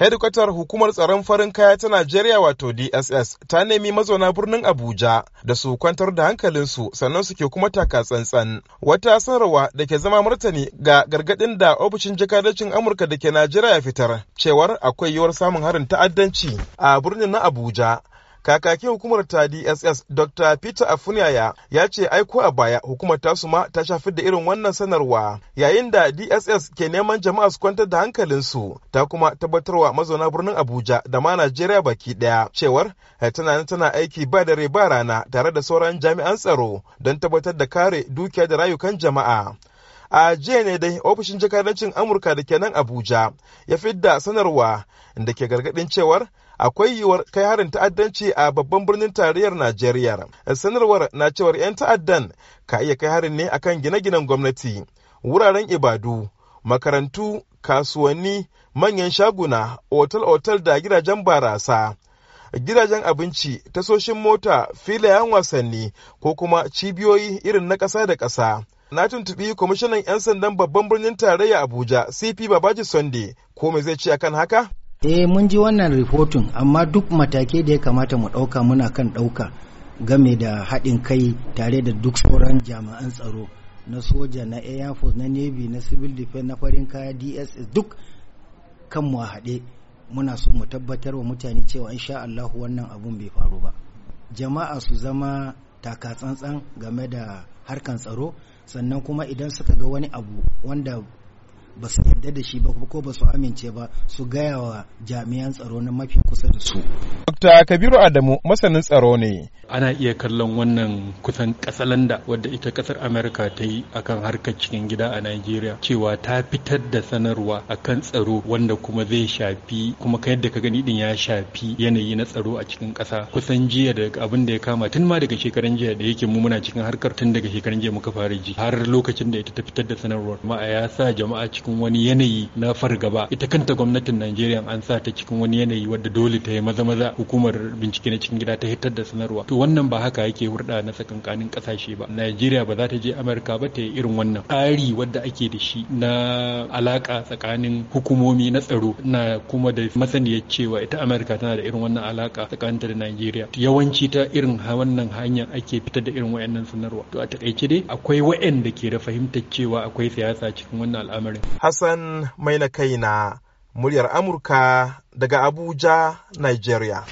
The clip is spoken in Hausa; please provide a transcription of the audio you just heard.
hedikwatar hukumar tsaron farin kaya ta najeriya wato dss ta nemi mazauna birnin abuja da su kwantar da hankalinsu sannan suke kuma taka tsantsan wata sanarwa da ke zama martani ga gargadin da ofishin jakadancin amurka da ke najeriya ya fitar cewar akwai yiwuwar samun harin ta'addanci a birnin na abuja kakakin hukumar ta dss dr peter afunaya ya ce aiko a baya hukumar su ma ta shafi da irin wannan sanarwa yayin da dss ke neman jama'a su kwantar da hankalinsu ta kuma tabbatarwa mazauna birnin abuja da ma najeriya baki daya cewar eh, tana tana aiki ba dare ba rana tare da sauran jami'an tsaro don tabbatar da kare dukiya da rayukan jama'a a jiya ne dai ofishin jakadancin amurka da ke nan abuja ya fidda sanarwa da ke gargadin cewar akwai yiwuwar kai harin ta'addanci a babban birnin tarayyar Najeriya. Sanarwar na cewar 'yan ta'addan ka iya kai harin ne akan gine-ginen gwamnati, wuraren ibadu, makarantu, kasuwanni, manyan shaguna, otal-otal da gidajen barasa. gidajen abinci tasoshin mota filayen wasanni ko kuma cibiyoyi irin na ƙasa da ƙasa na tuntuɓi kwamishinan 'yan sandan babban birnin tarayya abuja cp babaji sunday ko me zai ce akan haka eh mun ji wannan rahoton amma duk matake da ya kamata mu ɗauka muna kan ɗauka game da haɗin kai tare da duk sauran jami'an tsaro na soja na air force na navy na civil defense na farin kaya dss duk kan mu haɗe muna so mu tabbatar wa mutane cewa insha Allah wannan abun bai faru ba jama'a su zama taka tsantsan game da harkan tsaro sannan kuma idan suka ga wani abu wanda ba su yarda da shi ba ko ba su amince ba su gaya wa jami'an tsaro na mafi kusa da su. Dr. Kabiru Adamu masanin tsaro ne. Ana iya kallon wannan kusan da wadda ita kasar Amerika ta yi akan harkar cikin gida a Najeriya cewa ta fitar da sanarwa akan tsaro wanda kuma zai shafi kuma ka yadda ka gani din ya shafi yanayi na tsaro a cikin kasa kusan jiya da abin da ya kama tun ma daga shekaran jiya da yake mu muna cikin harkar tun daga shekaran jiya muka fara ji har lokacin da ita ta fitar da sanarwar ma'a ya sa jama'a cikin wani yanayi na fargaba ita kanta gwamnatin Najeriya an sa ta cikin wani yanayi wadda dole ta yi maza maza hukumar bincike na cikin gida ta hitar da sanarwa to wannan ba haka yake hurda na sakankanin kasashe ba Najeriya ba za ta je Amurka ba ta yi irin wannan tsari wadda ake da shi na alaka tsakanin hukumomi na tsaro na kuma da masaniya cewa ita Amurka tana da irin wannan alaka tsakaninta da Najeriya yawanci ta irin wannan hanyar ake fitar da irin wayannan sanarwa to a takaice dai akwai wayanda ke da fahimtar cewa akwai siyasa cikin wannan al'amarin Hassan mai na muryar Amurka daga Abuja, Nigeria.